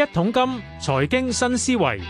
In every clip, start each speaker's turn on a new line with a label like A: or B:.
A: 一桶金，財經新思維。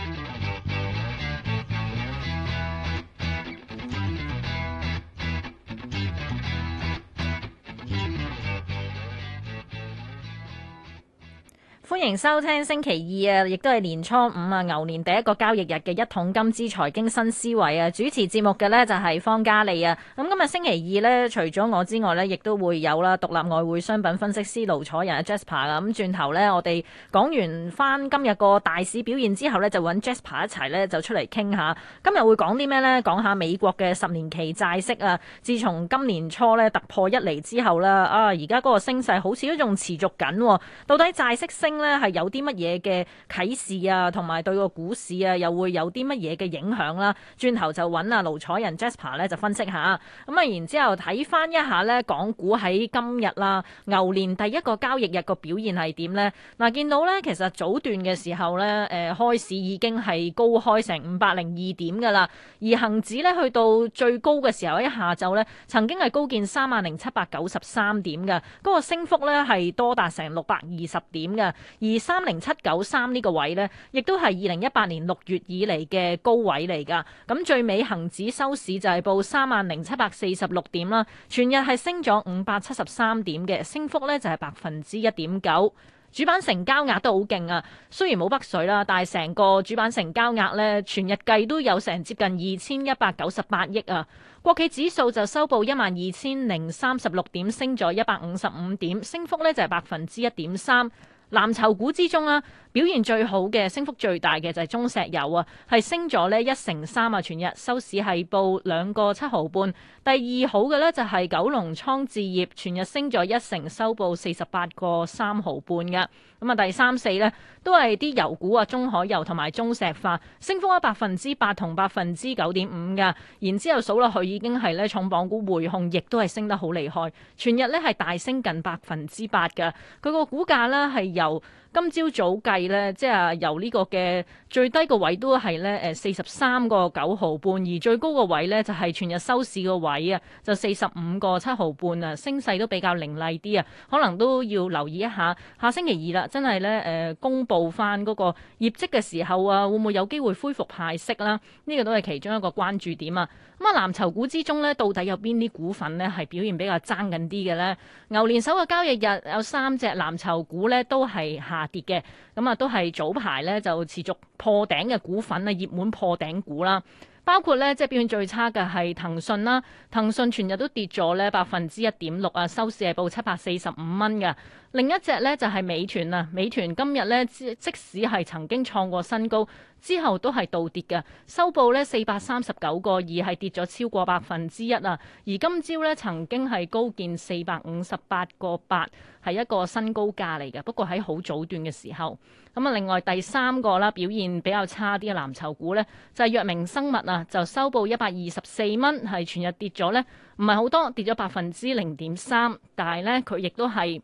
B: 收聽星期二啊，亦都係年初五啊，牛年第一個交易日嘅一桶金之財經新思維啊！主持節目嘅呢，就係方嘉利。啊。咁今日星期二呢，除咗我之外呢，亦都會有啦，獨立外匯商品分析師盧楚仁啊，Jasper 啊。咁轉頭呢，我哋講完翻今日個大市表現之後談談呢，就揾 Jasper 一齊呢，就出嚟傾下，今日會講啲咩呢？講下美國嘅十年期債息啊！自從今年初呢突破一厘之後啦，啊，而家嗰個升勢好似都仲持續緊，到底債息升呢？係 有啲乜嘢嘅啟示啊，同埋對個股市啊，又會有啲乜嘢嘅影響啦？轉頭就揾阿盧楚仁 Jasper 呢，就分析下。咁啊，然之後睇翻一下呢，港股喺今日啦，牛年第一個交易日個表現係點呢？嗱，見到呢，其實早段嘅時候呢，誒、呃，開市已經係高開成五百零二點噶啦，而恒指呢，去到最高嘅時候，一下晝呢曾經係高見三萬零七百九十三點㗎，嗰、那個升幅呢，係多達成六百二十點㗎。而三零七九三呢個位呢，亦都係二零一八年六月以嚟嘅高位嚟噶。咁最尾恒指收市就係報三萬零七百四十六點啦，全日係升咗五百七十三點嘅升幅呢就係百分之一點九。主板成交額都好勁啊，雖然冇北水啦，但係成個主板成交額呢，全日計都有成接近二千一百九十八億啊。國企指數就收報一萬二千零三十六點，升咗一百五十五點，升幅呢就係百分之一點三。藍籌股之中啊，表現最好嘅，升幅最大嘅就係中石油啊，係升咗呢一成三啊，全日收市係報兩個七毫半。第二好嘅呢就係九龍倉置業，全日升咗一成，收報四十八個三毫半㗎。咁啊，第三四呢都係啲油股啊，中海油同埋中石化，升幅係百分之八同百分之九點五噶。然之後數落去已經係呢重磅股匯控，亦都係升得好厲害，全日呢係大升近百分之八㗎。佢個股價呢係由今朝早計呢，即係由呢個嘅最低個位都係呢，誒四十三個九毫半，而最高個位呢，就係全日收市個位啊，就四十五個七毫半啊，升勢都比較凌厲啲啊，可能都要留意一下下星期二啦，真係呢，誒、呃，公布翻嗰個業績嘅時候啊，會唔會有機會恢復派息啦？呢、呢個都係其中一個關注點啊。咁啊，藍籌股之中呢，到底有邊啲股份呢？係表現比較爭緊啲嘅呢？牛年首個交易日有三隻藍籌股呢，都係下跌嘅，咁啊都係早排咧，就持續破頂嘅股份啊，熱門破頂股啦，包括咧，即係表現最差嘅係騰訊啦，騰訊全日都跌咗咧百分之一點六啊，收市係報七百四十五蚊嘅。另一隻呢，就係美團啊！美團今日呢，即使係曾經創過新高之後，都係倒跌嘅，收報呢，四百三十九個二，係跌咗超過百分之一啊。而今朝呢，曾經係高見四百五十八個八，係一個新高價嚟嘅。不過喺好早段嘅時候咁啊，另外第三個啦，表現比較差啲嘅藍籌股呢，就係藥明生物啊，就收報一百二十四蚊，係全日跌咗呢，唔係好多，跌咗百分之零點三，但係呢，佢亦都係。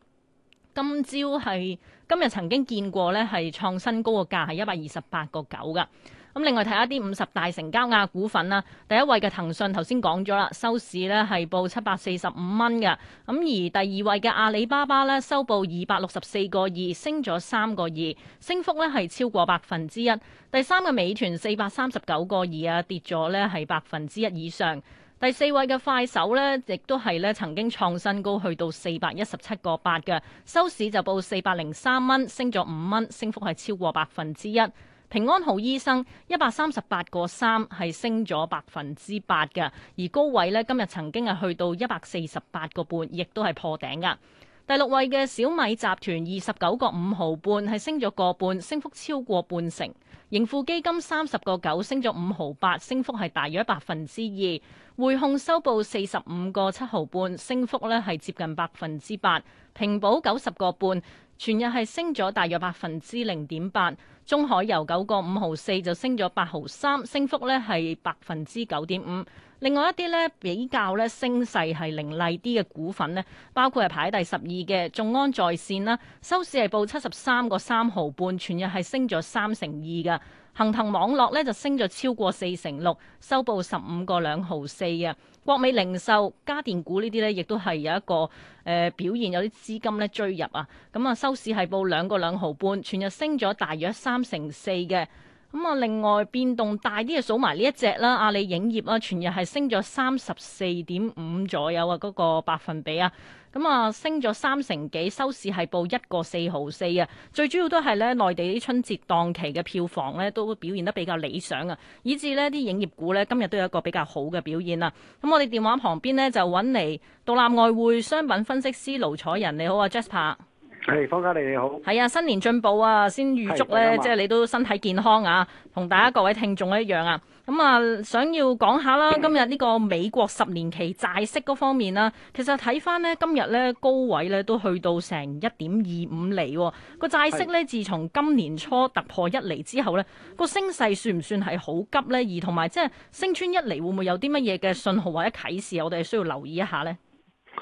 B: 今朝係今日曾經見過呢係創新高嘅價係一百二十八個九噶。咁另外睇下啲五十大成交額股份啦，第一位嘅騰訊頭先講咗啦，收市呢係報七百四十五蚊㗎。咁而第二位嘅阿里巴巴呢，收報二百六十四個二，升咗三個二，升幅呢係超過百分之一。第三個美團四百三十九個二啊，跌咗呢係百分之一以上。第四位嘅快手呢，亦都係呢曾經創新高去到四百一十七個八嘅，收市就報四百零三蚊，升咗五蚊，升幅係超過百分之一。平安好醫生一百三十八個三係升咗百分之八嘅，而高位呢，今日曾經係去到一百四十八個半，亦都係破頂噶。第六位嘅小米集團二十九個五毫半係升咗個半，升幅超過半成。盈富基金三十個九升咗五毫八，升幅係大約百分之二。匯控收報四十五個七毫半，升幅咧係接近百分之八。平保九十個半，全日係升咗大約百分之零點八。中海油九個五毫四就升咗八毫三，升幅咧係百分之九點五。另外一啲咧比較咧升勢係凌厲啲嘅股份呢，包括係排喺第十二嘅眾安在線啦，收市係報七十三個三毫半，全日係升咗三成二㗎。恆騰網絡咧就升咗超過四成六，收報十五個兩毫四嘅。國美零售、家電股呢啲呢，亦都係有一個誒、呃、表現，有啲資金咧追入啊！咁、嗯、啊，收市係報兩個兩毫半，全日升咗大約三成四嘅。咁、嗯、啊，另外變動大啲嘅數埋呢一隻啦，阿、啊、里影業啦、啊，全日係升咗三十四點五左右啊，嗰個百分比啊。咁啊，升咗三成幾，收市係報一個四毫四啊！最主要都係咧，內地啲春節檔期嘅票房咧都表現得比較理想啊，以至呢啲影業股咧今日都有一個比較好嘅表現啊。咁我哋電話旁邊呢，就揾嚟獨立外匯商品分析師盧楚仁，你好啊，Jasper。係
A: Jas，方家利你好。
B: 係啊，新年進步啊，先預祝咧，即係你都身體健康啊，同大家各位聽眾一樣啊。咁啊、嗯，想要講下啦，今日呢個美國十年期債息嗰方面啦，其實睇返呢今日呢高位呢都去到成一點二五厘，個債息呢，自從今年初突破一厘之後呢，個升勢算唔算係好急呢？而同埋即係升穿一厘會唔會有啲乜嘢嘅信號或者啟示，我哋係需要留意一下呢。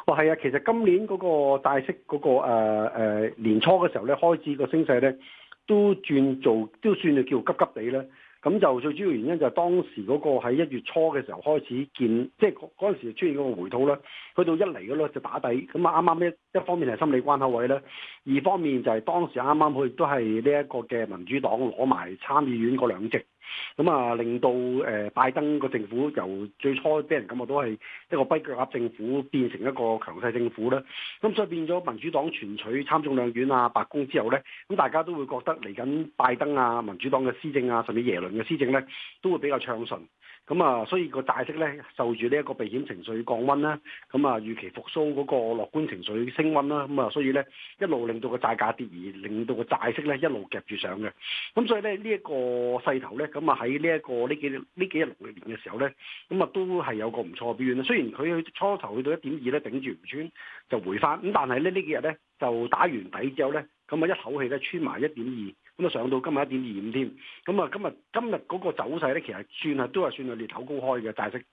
A: 哇、哦，係啊，其實今年嗰個債息嗰、嗰個誒、呃呃、年初嘅時候呢，開始個升勢呢都轉做都算係叫急急地咧。咁就最主要原因就係當時嗰個喺一月初嘅時候開始見，即係嗰嗰陣時出現嗰個回吐咧，去到一嚟嗰度就打底，咁啊啱啱一一方面係心理關口位咧，二方面就係當時啱啱佢都係呢一個嘅民主黨攞埋參議院嗰兩席。咁啊、嗯，令到誒、呃、拜登個政府由最初俾人感覺都係一個跛腳鴨政府，變成一個強勢政府啦。咁、嗯、所以變咗民主黨全取參眾兩院啊、白宮之後呢，咁、嗯、大家都會覺得嚟緊拜登啊、民主黨嘅施政啊，甚至耶倫嘅施政呢，都會比較暢順。咁啊、嗯，所以個債息咧受住呢一個避險情緒降溫啦、啊，咁、嗯、啊預期復甦嗰個樂觀情緒升溫啦、啊，咁、嗯、啊所以咧一路令到個債價跌，而令到個債息咧一路夾住上嘅。咁、嗯、所以咧呢，這個呢，這個這呢嗯、一個勢頭咧，咁啊喺呢一個呢幾呢幾日六年嘅時候咧，咁啊都係有個唔錯表現啦。雖然佢初頭去到一點二咧頂住唔穿就回翻，咁、嗯、但係咧呢幾日咧就打完底之後咧，咁啊一口氣咧穿埋一點二。咁啊上到今日一點二五添，咁啊今日今日嗰個走勢咧，其實算係都係算係裂口高開嘅大市。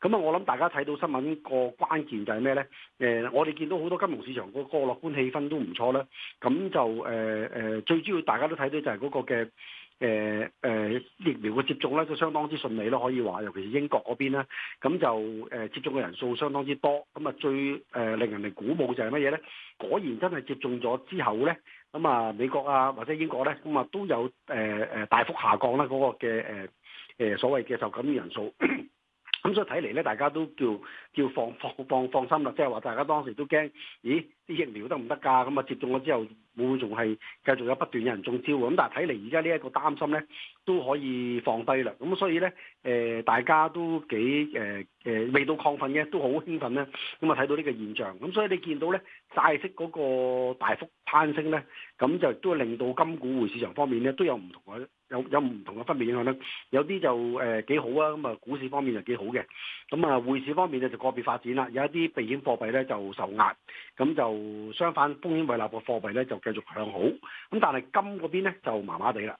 A: 咁啊，我諗大家睇到新聞個關鍵就係咩咧？誒、呃，我哋見到好多金融市場個個樂觀氣氛都唔錯啦。咁就誒誒、呃，最主要大家都睇到就係嗰個嘅誒誒疫苗嘅接種咧，就相當之順利咯，可以話。尤其是英國嗰邊咧，咁就誒、呃、接種嘅人數相當之多。咁啊最誒、呃、令人哋鼓舞就係乜嘢咧？果然真係接種咗之後咧。咁啊、嗯，美國啊或者英國咧，咁、嗯、啊都有誒誒、呃呃、大幅下降啦。嗰個嘅誒誒所謂嘅受感染人數。 咁所以睇嚟咧，大家都叫叫放放放放心啦，即係話大家當時都驚，咦啲疫苗得唔得㗎？咁啊，接種咗之後會唔會仲係繼續有不斷有人中招啊？咁但係睇嚟而家呢一個擔心咧都可以放低啦。咁所以咧誒、呃、大家都幾誒誒、呃呃、未到亢奮嘅，都好興奮咧。咁啊，睇到呢個現象，咁所以你見到咧債息嗰個大幅攀升咧，咁就都令到金股匯市場方面咧都有唔同嘅。有有唔同嘅分別影響咧，有啲就誒幾好啊，咁啊股市方面就幾好嘅，咁啊匯市方面咧就個別發展啦，有一啲避險貨幣咧就受壓，咁就相反風險位立嘅貨幣咧就繼續向好，咁但係金嗰邊咧就麻麻地啦，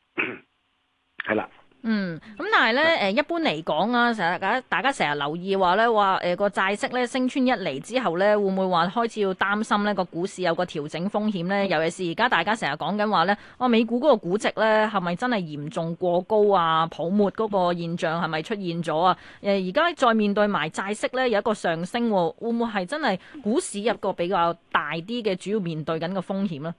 A: 係啦。
B: 嗯，咁但係咧，誒，一般嚟講啊，成日，大家成日留意話咧，話誒個債息咧升穿一厘之後咧，會唔會話開始要擔心呢個股市有個調整風險咧？尤其是而家大家成日講緊話咧，我、啊、美股嗰個估值咧係咪真係嚴重過高啊？泡沫嗰個現象係咪出現咗啊？誒、呃，而家再面對埋債息咧有一個上升、啊，會唔會係真係股市入個比較大啲嘅主要面對緊個風險咧？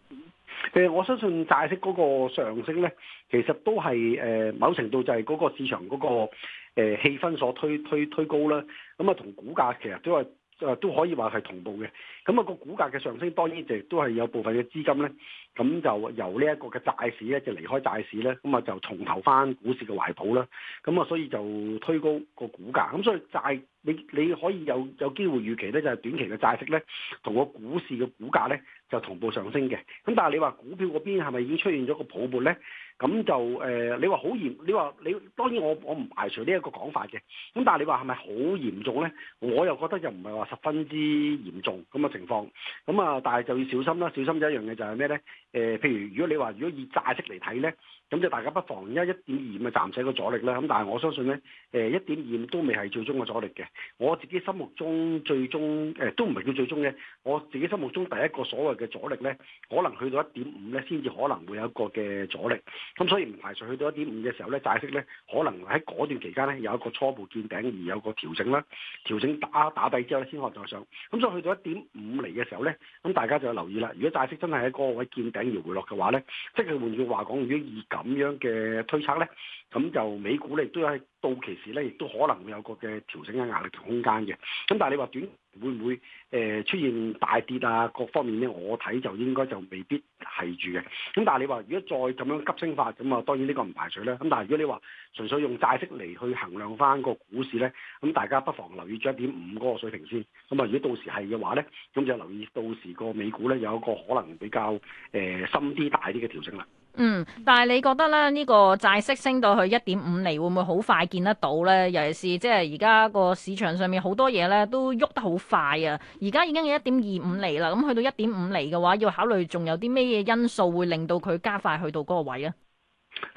A: 誒，我相信債息嗰個上升咧，其實都係誒、呃、某程度就係嗰個市場嗰、嗰個誒、呃、氣氛所推推推高啦。咁、嗯、啊，同股價其實都係誒、啊、都可以話係同步嘅。咁、嗯、啊，個股價嘅上升當然就亦都係有部分嘅資金咧，咁、嗯、就由呢一個嘅債市咧就離開債市咧，咁、嗯、啊就重投翻股市嘅懷抱啦。咁、嗯、啊，所以就推高個股價。咁、嗯、所以債你你可以有有機會預期咧，就係、是、短期嘅債息咧同個股市嘅股價咧，就同步上升嘅，咁但係你話股票嗰邊係咪已經出現咗個泡沫呢？咁就誒、呃，你話好嚴，你話你當然我我唔排除呢一個講法嘅，咁但係你話係咪好嚴重呢？我又覺得又唔係話十分之嚴重咁嘅情況，咁啊，但係就要小心啦。小心嘅一樣嘢就係咩呢？誒、呃，譬如如果你話如果以債息嚟睇呢。咁就大家不妨一一點二咪暫時個阻力啦，咁但係我相信呢，誒一點二都未係最終嘅阻力嘅。我自己心目中最終，誒、呃、都唔係叫最終嘅。我自己心目中第一個所謂嘅阻力呢，可能去到一點五呢先至可能會有一個嘅阻力。咁所以唔排除去到一點五嘅時候呢，債息呢可能喺嗰段期間呢有一個初步見頂而有個調整啦，調整打打底之後呢，先可再上。咁所以去到一點五嚟嘅時候呢，咁大家就要留意啦。如果債息真係喺嗰個位見頂而回落嘅話呢，即係換句話講，如果二咁樣嘅推測呢，咁就美股呢，亦都係到期時呢，亦都可能會有個嘅調整嘅壓力同空間嘅。咁但係你話短會唔會誒、呃、出現大跌啊？各方面呢，我睇就應該就未必係住嘅。咁但係你話如果再咁樣急升法咁啊，當然個呢個唔排除啦。咁但係如果你話純粹用債息嚟去衡量返個股市呢，咁大家不妨留意咗一點五嗰個水平先。咁啊，如果到時係嘅話呢，咁就留意到時個美股呢，有一個可能比較誒、呃、深啲、大啲嘅調整啦。
B: 嗯，但係你覺得咧呢個債息升到去一點五厘會唔會好快見得到呢？尤其是即係而家個市場上面好多嘢呢都喐得好快啊！而家已經有一點二五厘啦，咁去到一點五厘嘅話，要考慮仲有啲咩嘢因素會令到佢加快去到嗰個位
A: 咧？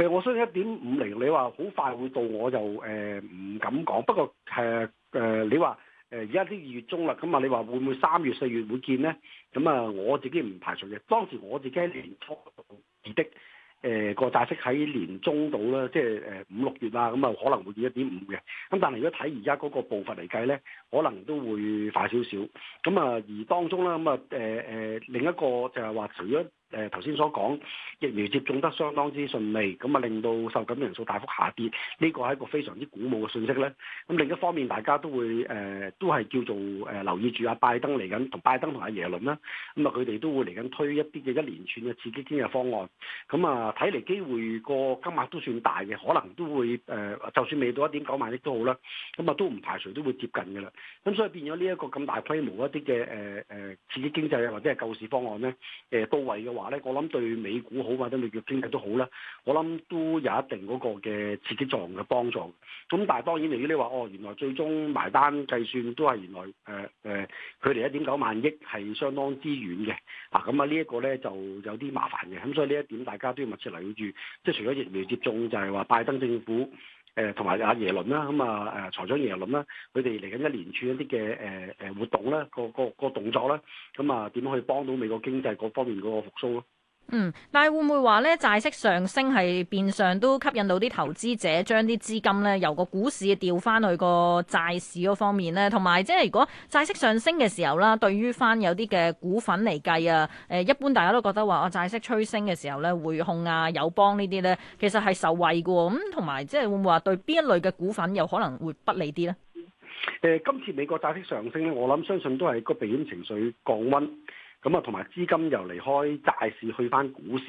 A: 我相信一點五厘，你話好快會到，我就誒、呃、唔敢講。不過誒誒、呃，你話。誒而家啲二月中啦，咁啊你話會唔會三月四月會見呢？咁啊我自己唔排除嘅。當時我自己年初二的，誒、呃、個債息喺年中度啦，即係誒五六月啊，咁啊可能會見一點五嘅。咁但係如果睇而家嗰個步伐嚟計呢，可能都會快少少。咁啊而當中啦，咁啊誒誒另一個就係話，除咗。誒頭先所講疫苗接種得相當之順利，咁啊令到受感染人數大幅下跌，呢、這個係一個非常之鼓舞嘅訊息咧。咁另一方面，大家都會誒、呃、都係叫做誒、呃、留意住阿拜登嚟緊，同拜登同阿耶倫啦，咁啊佢哋都會嚟緊推一啲嘅一連串嘅刺激經濟方案。咁啊睇嚟機會個金額都算大嘅，可能都會誒、呃，就算未到一點九萬億都好啦，咁、嗯、啊都唔排除都會接近嘅啦。咁、嗯、所以變咗呢一個咁大規模一啲嘅誒誒刺激經濟或者係救市方案咧，誒、呃、到位嘅話。話咧，我諗對美股好或者對美國經濟都好啦，我諗都有一定嗰個嘅刺激作用嘅幫助。咁但係當然，如果你話哦，原來最終埋單計算都係原來誒誒，距離一點九萬億係相當之遠嘅。啊，咁啊呢一個咧就有啲麻煩嘅。咁所以呢一點大家都要密切留意住。即係除咗疫苗接種，就係話拜登政府。誒同埋阿耶倫啦，咁啊誒財長耶倫啦，佢哋嚟緊一連串一啲嘅誒誒活動啦，個個個動作啦，咁啊點樣去幫到美國經濟各方面嗰個復甦咯？
B: 嗯，但係會唔會話咧，債息上升係變相都吸引到啲投資者將啲資金咧由個股市調翻去個債市嗰方面咧？同埋即係如果債息上升嘅時候啦，對於翻有啲嘅股份嚟計啊，誒，一般大家都覺得話哦，債息趨升嘅時候咧，匯控啊、友邦呢啲咧，其實係受惠㗎。咁，同埋即係會唔會話對邊一類嘅股份有可能會不利啲呢？
A: 誒、呃，今次美國債息上升咧，我諗相信都係個避險情緒降温。咁啊，同埋資金又離開債市去翻股市，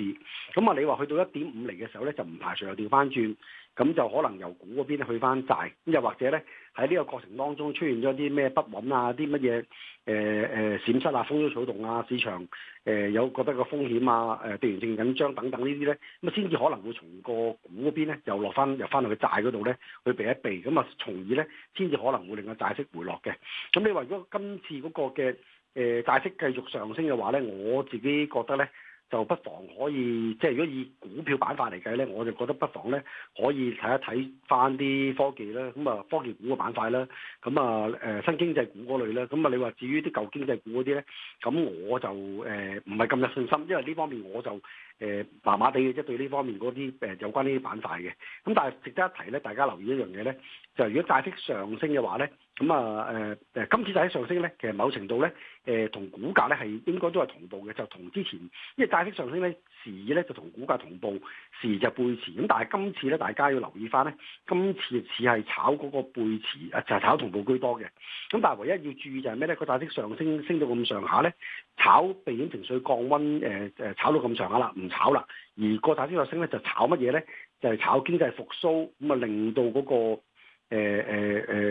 A: 咁啊，你話去到一點五厘嘅時候呢，就唔排除又調翻轉，咁就可能由股嗰邊去翻債，又或者呢喺呢個過程當中出現咗啲咩不穩啊，啲乜嘢誒誒閃失啊，風吹草動啊，市場誒、呃、有覺得個風險啊，誒地緣性緊張等等呢啲呢，咁啊先至可能會從個股嗰邊呢又落翻，又翻到去債嗰度呢去避一避，咁啊從而呢先至可能會令個債息回落嘅。咁你話如果今次嗰個嘅？誒、呃、債息繼續上升嘅話咧，我自己覺得咧就不妨可以，即係如果以股票板塊嚟計咧，我就覺得不妨咧可以睇一睇翻啲科技啦，咁啊科技股嘅板塊啦，咁啊誒新經濟股嗰類啦，咁啊你話至於啲舊經濟股嗰啲咧，咁我就誒唔係咁有信心，因為呢方面我就誒麻麻地嘅，即、呃、係對呢方面嗰啲誒有關呢啲板塊嘅。咁但係值得一提咧，大家留意一樣嘢咧，就係如果債息上升嘅話咧。咁啊，誒誒、呃，今次大升上升咧，其實某程度咧，誒、呃、同股價咧係應該都係同步嘅，就同之前，因為債息上升咧時而咧就同股價同步，時而就背馳。咁但係今次咧，大家要留意翻咧，今次似係炒嗰個背馳，誒就係炒同步居多嘅。咁但係唯一要注意就係咩咧？個債息上升升到咁上下咧，炒避險情緒降溫，誒、呃、誒炒到咁上下啦，唔炒啦。而個債息上升咧就炒乜嘢咧？就係、是、炒經濟復甦，咁啊令到嗰、那個誒誒、呃呃呃呃呃呃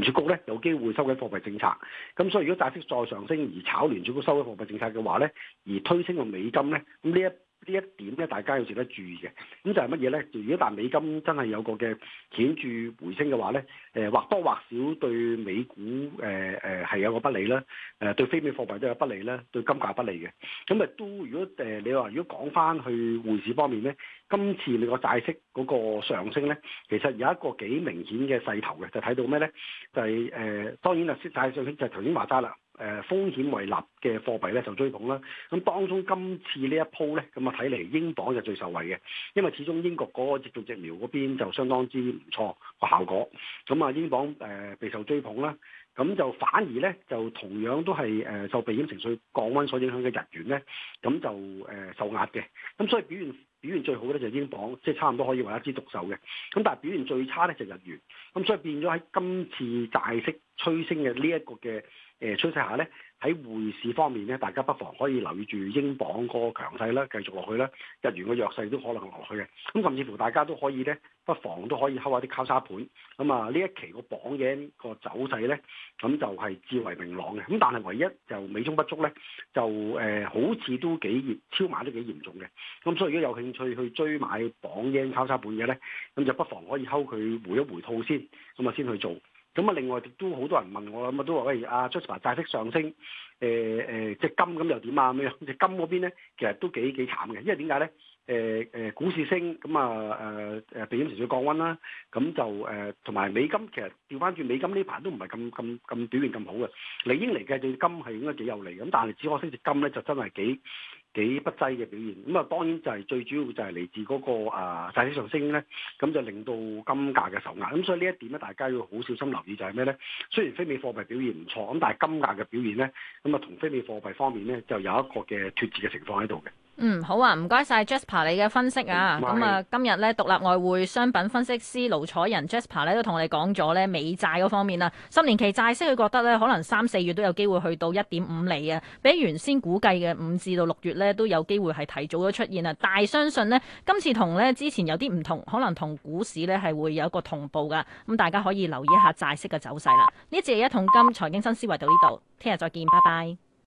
A: 聯儲局咧有機會收緊貨幣政策，咁、嗯、所以如果債息再上升而炒聯儲局收緊貨幣政策嘅話咧，而推升個美金咧，咁呢一呢一點咧，大家要值得注意嘅。咁就係乜嘢咧？就如果但美金真係有個嘅顯著回升嘅話咧，誒、呃、或多或少對美股誒誒係有個不利啦，誒、呃、對非美貨幣都有不利啦，對金價不利嘅。咁啊都如果誒、呃、你話如果講翻去匯市方面咧。今次你個債息嗰個上升咧，其實有一個幾明顯嘅勢頭嘅，就睇到咩咧？就係、是、誒、呃，當然啦，債息上升就頭先話曬啦。誒、呃，風險為立嘅貨幣咧就受追捧啦。咁當中今次一呢一鋪咧，咁啊睇嚟英鎊就最受惠嘅，因為始終英國嗰個接種疫苗嗰邊就相當之唔錯個效果。咁啊，英鎊誒、呃、備受追捧啦。咁就反而咧，就同樣都係誒受避險情緒降溫所影響嘅日元咧，咁就誒、呃、受壓嘅。咁所以表現。表現最好嘅就係英鎊，即係差唔多可以話一支獨秀嘅。咁但係表現最差咧就係日元，咁所以變咗喺今次債息推升嘅呢一個嘅誒趨勢下呢，喺匯市方面咧，大家不妨可以留意住英鎊個強勢啦，繼續落去啦，日元嘅弱勢都可能落去嘅。咁甚至乎大家都可以呢。不妨都可以拋下啲交叉盤，咁啊呢一期個鎊嘅個走勢咧，咁就係至為明朗嘅。咁但係唯一就美中不足咧，就誒、呃、好似都幾熱，超買都幾嚴重嘅。咁所以如果有興趣去追買鎊嘅交叉盤嘅咧，咁就不妨可以拋佢回一回套先，咁啊先去做。咁啊另外亦都好多人問我咁啊都話喂阿 Justin 債息上升，誒即隻金咁又點啊咁樣？即金嗰邊咧其實都幾幾慘嘅，因為點解咧？誒誒，股市升，咁啊誒誒，避險情緒降溫啦。咁就誒，同埋美金，其實調翻轉美金呢排都唔係咁咁咁表現咁好嘅。離英嚟嘅對金係應該幾有利，咁但係只可惜，隻金咧就真係幾幾不濟嘅表現。咁啊，當然就係最主要就係嚟自嗰、那個啊債市上升咧，咁就令到金價嘅受壓。咁所以呢一點咧，大家要好小心留意就係咩咧？雖然非美貨幣表現唔錯，咁但係金價嘅表現咧，咁啊同非美貨幣方面咧就有一個嘅脫節嘅情況喺度嘅。
B: 嗯，好啊，唔該晒 Jasper 你嘅分析啊。咁啊是，今日咧，獨立外匯商品分析師盧楚仁 Jasper 咧都同我哋講咗咧，美債嗰方面啦、啊，十年期債息佢覺得咧，可能三四月都有機會去到一點五厘啊，比原先估計嘅五至到六月咧都有機會係提早咗出現啊。但係相信呢，今次同咧之前有啲唔同，可能同股市咧係會有一個同步噶。咁、嗯、大家可以留意一下債息嘅走勢啦。呢次一桶金財經新思維到呢度，聽日再見，拜拜。